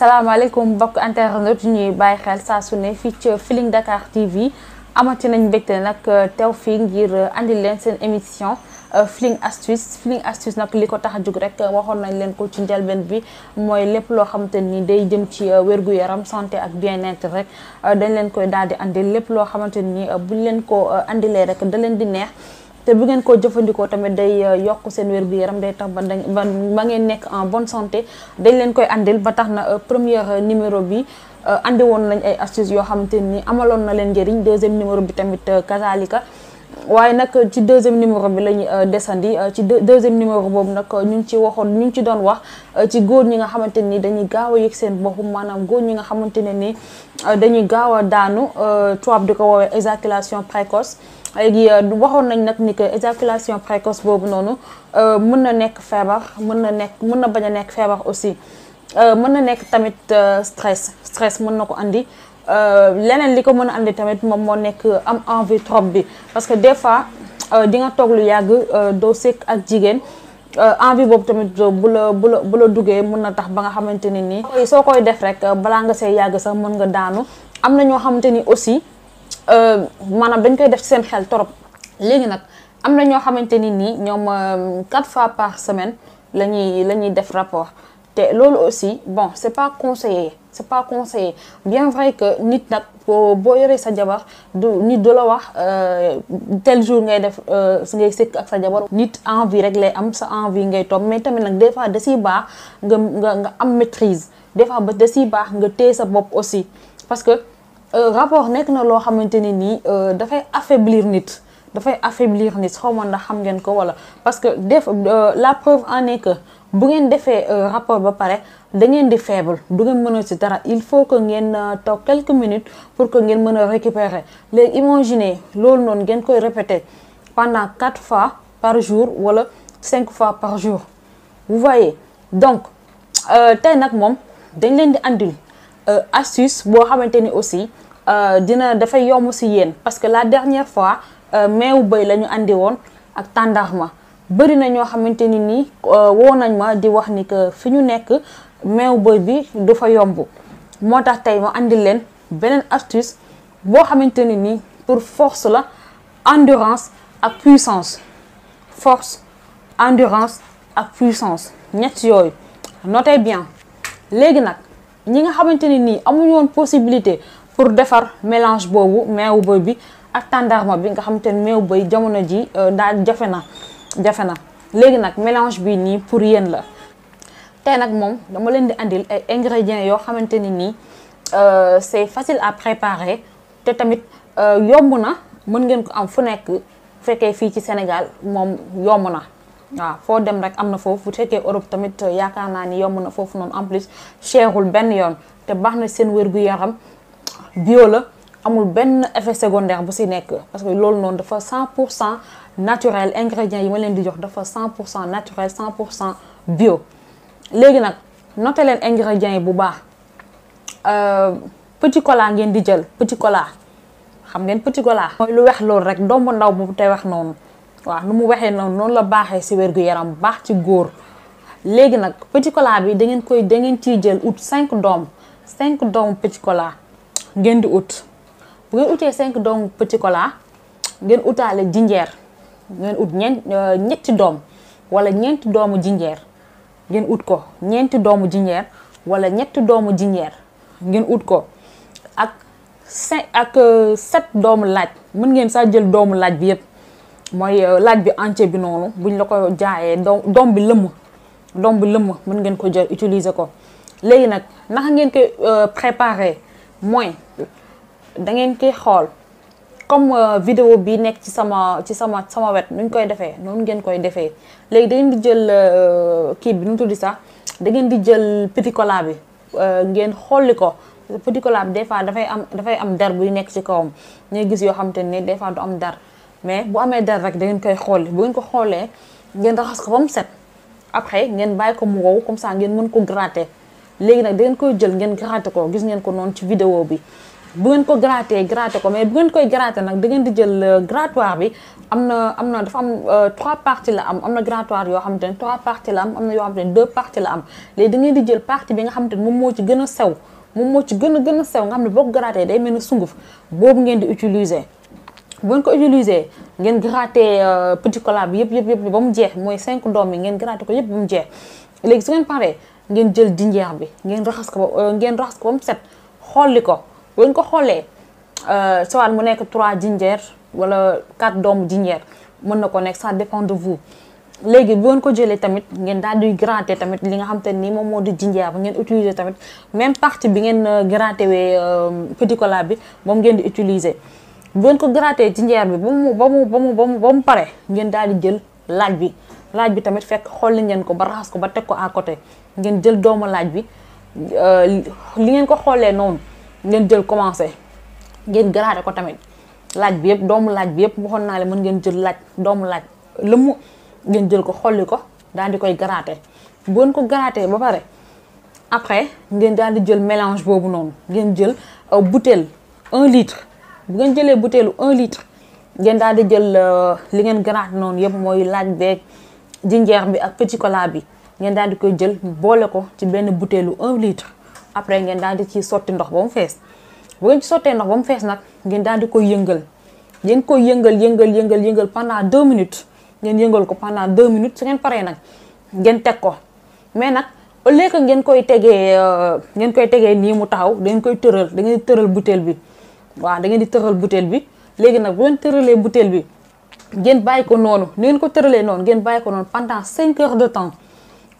salaamaaleykum mbokk internet ñuy bàyyi xel saa su ne fii ci Feeling Dakar TV amati nañ mbégte nag euh, tew fii ngir indi euh, leen seen émission euh, Feeling Astuce Feeling Astuce nag li ko tax a jug rek waxoon nañ leen ko ci njëlbeen bi mooy lépp loo xamante ni day jëm ci wérgu yaram santé ak bien rek dañ leen koy daal di andil lépp loo xamante ni buñ leen ko andilee rek daleen di neex. te bu ngeen ko jëfandikoo tamit day euh, yokk seen wér bi yaram day tax ba dañ ba ngeen nekk en bonne santé dañ leen koy andil ba tax na euh, première euh, numéro bi andi woon nañ ay astuces yoo xamante ni amaloon na leen njëriñ deuxième numéro bi tamit kazalika waaye nag ci deuxième numéro bi lañu desandi ci deuxième numéro boobu nag ñu ngi ci waxoon ñu ngi ci doon wax ci góor ñi nga xamante nii dañuy gaaw a yëg seen bopp maanaam góor ñi nga xamante ne ni dañuy gaaw a daanu tubaab di ko woowee éjaculation précoce léegi euh, waxoon nañ nag ni que éjaculation précoce boobu noonu euh, mën na nekk feebar mën na nekk mën na bañ a nekk feebar aussi euh, mën na nekk tamit stress stress mën na ko andi leneen li ko mën a andi tamit moom moo nekk am envie trop bi parce que des fois di nga toog lu yàgg doo sekk ak jigéen envie boobu tamit bu la bu la bu la duggee mën na tax ba nga xamante ne nii. soo koy def rek balaa nga see yàgg sax mën nga daanu am na ñoo xamante ni aussi. Euh, maanaam dañ koy def seen xel trop léegi nag am na ñoo xamante ni nii ñoom euh, quatre fois par semaine la ñuy la ñuy def rapport te loolu aussi bon c'est pas conseillé c'est pas conseillé bien vrai que nit nag boo boo yoree sa jabar du nit du la wax euh, tel jour ngay def su ngay sëkk ak sa jabar nit envie rek lay am sa envie ngay toog mais tamit nag des fois da baax nga nga nga am maitrise des fois ba da siy baax nga téye sa bopp aussi Euh, rapport nekk na loo xamante ne nii euh, dafay affaiblir nit dafay affaiblir nit xaw ma ndax xam ngeen ko wala parce que def euh, la preuve en est bu ngeen defee rapport ba pare da ngeen di faible du ngeen mën a ci dara il faut que ngeen toog quelques minutes pour que ngeen mën a récupérer léegi imaginez loolu noonu ngeen koy répéter pendant quatre fois par jour wala cinq fois par jour vous voyez donc tey nag moom dañ leen di andil Euh, astuce boo xamante ni aussi euh, dina dafay yomb si yéen parce que la dernière fois euh, meewu bëy la ñu andi woon ak tàndarma bëri na ñoo xamante ni nii woo nañ ma di wax ni que fi ñu nekk meew bëy bi du fa yomb moo tax tey ma indi leen beneen astuce boo xamante ni nii pour force la endurance ak puissance force endurance ak puissance ñett yooyu notez bien léegi nag ñi nga xamante ne nii amuñu woon possibilité pour defar mélange boobu meewu bëy bi ak tàndarma bi nga xamante ne meewu bëy jamono ji ndaal euh, jafe na jafe na léegi nag mélange bi nii pour yéen la tey nag moom dama leen di indil ay ingrédients yoo xamante ne nii euh, c'est facile à préparer te tamit euh, yomb na mën ngeen ko am fu nekk fekkee fii ci Sénégal moom yomb na waaw foo dem rek am na foofu bu fekkee Europe tamit euh, yaakaar naa ni yomb na foofu noonu en plus cherul benn yoon te baax na seen wér-gu-yaram bio la amul benn effet secondaire bu si nekk parce que loolu noonu dafa pour cent naturel ingrédients yi ma leen di jox dafa 100 pour cent naturel 100 pour cent bio léegi nag noté leen ingrédients yi bu baax euh, petit cola ngeen di jël petit cola xam ngeen petit cola mooy lu weex loolu rek doomu ndaw bu tey wax noonu waaw nu mu waxee noonu noonu la baaxee si wér gu yaram baax ci góor léegi nag petit cola bi da ngeen koy dangeen ngeen ciy jël ut cinq doom cinq doomu petit cola ngeen di ut bu ngeen utee cinq doomu petit cola ngeen utaale jinjeer ngeen ut ñeent euh, ñetti doom wala ñeenti doomu jinjeer ngeen ut ko ñeenti doomu jinjeer wala ñetti doomu jinjeer ngeen ut ko ak cinq ak euh, sept doomu laaj mën ngeen sax jël doomu laaj bi yépp mooy euh, laaj bi entier bi noonu buñ la ko jaayee doom doom bi lëmm doom bi lëm mën ngeen ko jël utiliser ko léegi nag naka ngeen koy euh, préparer mooy dangeen koy xool comme euh, video bi nekk ci sama ci sama sama wet nuñ koy defee noonu ngeen koy defee léegi da di jël kii bi nu tuddi sax da ngeen di jël petit cola bi ngeen xolli ko petit cola bi des fois dafay am dafay am dar buy nekk ci kawam ngay gis yoo xamante ne des fois du am dar mais bu amee der rek da ngeen koy xool bu ngeen ko xoolee ngeen raxas ko ba mu set après ngeen bàyyi ko mu wow comme ça ngeen mën ko gratter léegi nag da ngeen koy jël ngeen gratter ko gis ngeen ko noonu ci vidéo bi bu ngeen ko gratter gratter ko mais bu ngeen koy gratter nag da ngeen di jël euh, grattoir bi am na am na dafa am euh, trois parties la am am na grattoir yoo xamante ne trois parties la am am na yoo xamante ne deux parties la am léegi da ngeen di jël partie bi nga xamante ne moom moo ci gën a sew moo ci gën a gën sew nga xam ne boo ko gratter day mel ni sunguf boobu ngeen di utiliser bu ñu ko utiliser ngeen gratter euh, petit cola bi yëpp yëpp yëpp ba mu jeex mooy cinq doom yi ngeen gratter ko yëpp ba mu jeex léegi su ngeen paree ngeen jël jinjeer bi ngeen raxas ko ba euh, ngeen raxas ko mu set xolli ko bu ñu ko xoolee euh, soit mu nekk trois jinjeer wala quatre doomu jinjeer mën na ko nekk sa dépend de vous léegi bu ngeen ko jëlee tamit ngeen daal di gratter tamit li nga xam te nii moom moo di jinjeer bi ngeen utiliser tamit même partie bi ngeen gratter wee petit cola bi moom ngeen di utiliser. bu ngeen ko gratter ci njeer bi ba mu ba mu ba mu ba mu pare ngeen daal di jël laaj bi laaj bi tamit fekk xolli ngeen ko ba raxas ko ba teg ko à côté ngeen jël doomu laaj bi euh, li ngeen ko xoolee noonu ngeen jël commencé ngeen gratter ko tamit laaj bi yëpp doomu laaj bi yëpp waxoon naa leen mën ngeen jël laaj doomu laaj lëmm ngeen jël ko xolli ko daal di koy gratter bu ngeen ko gratter ba pare après ngeen daal di jël mélange boobu noonu ngeen jël euh, butéel un litre. bu ngeen jëlee butéelu un litre ngeen daal di jël euh, li ngeen garaat noonu yëpp mooy laaj beeg jinjeer bi ak petit cola bi ngeen daal di koy jël boole ko ci benn butéelu un litre après ngeen daal di ci sotti ndox ba mu fees bu ngeen sottee ndox ba mu fees nag ngeen daal di koy yëngal ngeen koy yëngal yëngal yëngal yëngal pendant deux minutes ngeen yëngal ko pendant deux minutes su ngeen pare nag ngeen teg ko mais nag au lieu ngeen koy tegee euh, ngeen koy tegee nii mu taxaw da koy tëral da ngeen tëral butéel bi waaw da ngeen di tëral butéel bi léegi nag bu ngeen tëralee butéel bi ngeen bàyyi ko noonu ni ngeen ko tëralee noonu ngeen bàyyi ko noonu pendant 5 heures de temps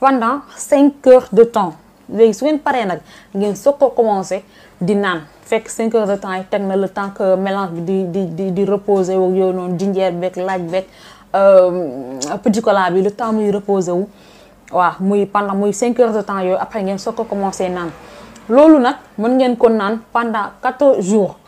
pendant 5 heures de temps léegi su ngeen paree nag ngeen soog ko commencé di naan fekk 5 heures de temps yi teg na le temps que mélange bi di di di di reposer wu yooyu noonu jinjeer beeg laaj beeg euh, petit cola bi le temps muy reposer wu. waaw muy pendant muy 5 heures de temps yooyu après ngeen soog ko commencé naan loolu nag mën ngeen ko naan pendant 14 jours.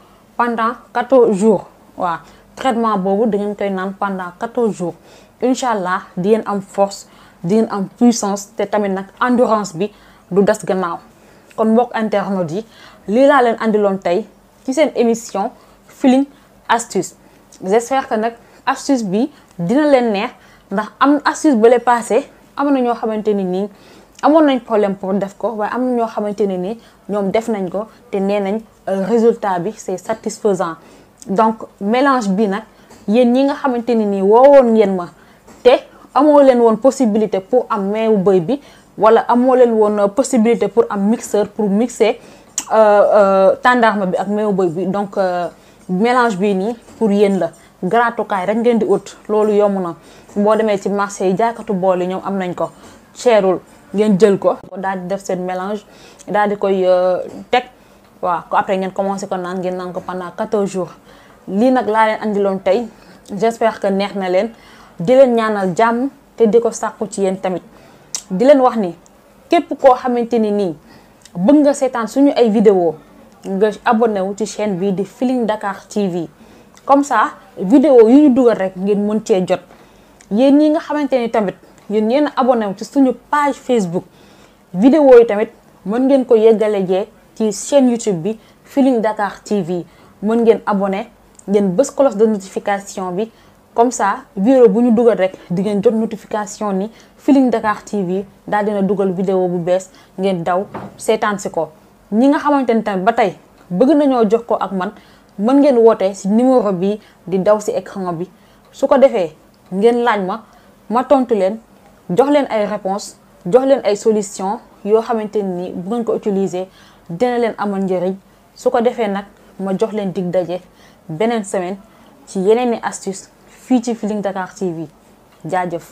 pendant 14 jours waaw traitement boobu da koy naan pendant 14 jours incha allah di ngeen am force di ngeen am puissance te tamit nag endurance bi du des gannaaw kon mbokk internautes yi lii laa leen andiloon tey ci seen émission feeling astuce j'espère que nag astuce bi dina leen neex ndax am astuce bale le passé amoon na ñoo xamante ni nii amoon nañ problème pour def ko waaye am na ñoo xamante ne nii ñoom def nañ ko te nee nañ Euh, résultat bi c'est satisfaisant donc mélange bi nag yéen ñi nga xamante ni nii woowoon ngeen ma te amoo leen woon possibilité pour am meewu bëy bi wala amoo leen woon euh, possibilité pour am mixeur pour mixer euh, tàndarma bi ak meewu bëy bi donc mélange bii nii pour yéen la gratukaay rek ngeen di ut loolu yomb na boo demee ci marché yi jaakatu bool yi ñoom am nañ ko ceerul ngeen jël ko daal di def seen mélange daal di koy teg waaw ko après ngeen commencé ko naan ngeen naan ko pendant jour jours lii nag laa leen andiloon tey j'espère que neex na leen di leen ñaanal jàmm te di ko sàkku ci yéen tamit di leen wax ni képp koo xamante ni nii bëgg nga seetaan suñu ay vidéo nga abonné wu ci chaîne bii di Feeling Dakar TV comme ça vidéo yu ñu dugal rek ngeen mën cee jot yéen ñi nga xamante ni tamit yéen yéen abonné wu ci suñu page Facebook vidéo yi tamit mën ngeen ko jee ci chaîne YouTube bi Feeling Dakar TV mën ngeen abonné ngeen bës cloche de notification bi comme ça vidéo bu ñu dugal rek di ngeen jot notification ni Feeling Dakar TV daal dina dugal vidéo bu bees ngeen daw seetaan si ko ñi nga xamante ni tamit ba tey bëgg nañoo jox ko ak man mën ngeen woote si numéro bi di daw si écran bi su ko defee ngeen laaj ma ma tontu leen jox leen ay réponse jox leen ay solution yoo xamante ni bu ngeen ko utiliser dina leen amoon njëriñ su ko defee nag ma jox leen dig daje beneen semaine ci yeneen i astuce fii ci Feeling Dakar TV jaajëf.